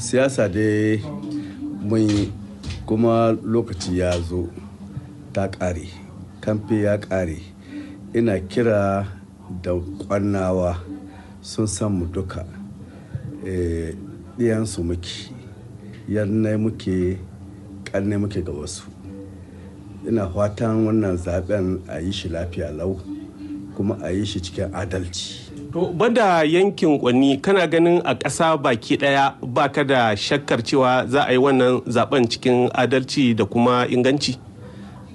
siyasa dai mun kuma lokaci ya zo ta ƙare kamfe ya ƙare ina kira da ƙwannawa sun san mu duka eh, ɗiyansu muke yannai muke ƙarnai muke ga wasu ina fatan wannan zaben a yi shi lafiya lau kuma a yi shi cikin adalci To bada yankin kwanni kana ganin a ƙasa baki ɗaya baka da shakkar cewa za a yi wannan zaben cikin adalci da kuma inganci?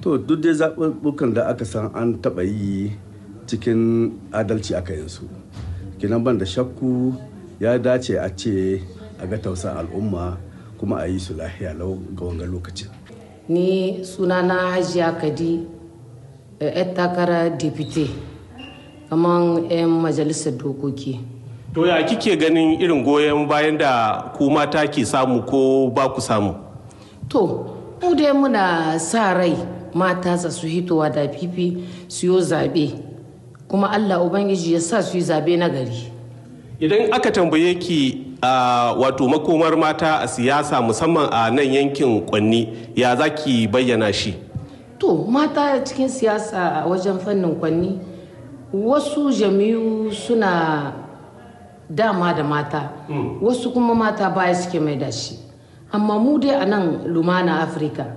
To duk dai zaɓuɓɓukan da aka san an taɓa yi cikin adalci aka yin su. Kinan ban da shakku ya dace a ce a ga tausan al'umma kuma a yi su lahiya lau ga wanga lokacin. Ni sunana Hajiya Kadi, eh, 'yar takara deputy. kamar 'yan majalisar dokoki to ya kike ganin irin goyon bayan da ku mata ke samu ko ba ku samu to mu dai muna sa rai mata su hitowa da fifi su yi zabe kuma allah ubangiji ya sa su yi zabe na gari idan aka tambaye ki a wato makomar mata a siyasa musamman a nan yankin kwanni ya za ki bayyana shi to mata cikin siyasa a wajen fannin kwanni wasu jami'u suna dama da mata hmm. wasu kuma mata baya suke mai da shi amma mu dai a nan lumana afirka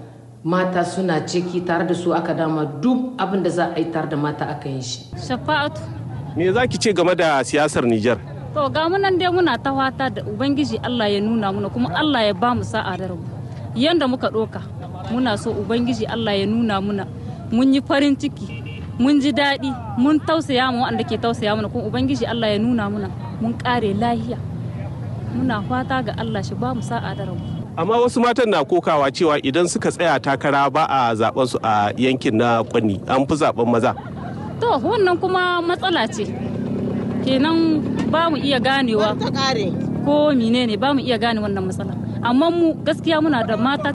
mata suna ciki tare da su aka dama duk abin da za a yi tare da mata aka yi shi shafa'atu me za ki ce game da siyasar nijar to ga munan dai muna ta fata da ubangiji allah ya nuna muna kuma allah ya ba mu sa'a da rabu yanda muka doka muna so ubangiji allah ya nuna muna mun yi farin ciki mun ji daɗi mun tausaya mu waɗanda ke tausaya mana kuma ubangiji Allah ya nuna muna mun kare lahiya muna fata ga Allah shi ba mu sa'a da rabu amma wasu matan na kokawa cewa idan suka tsaya takara ba a zaben su a yankin na kwani an fi zaben maza to wannan kuma matsala ce kenan ba mu iya ganewa ko mine ba mu iya gane wannan matsala amma mu gaskiya muna da mata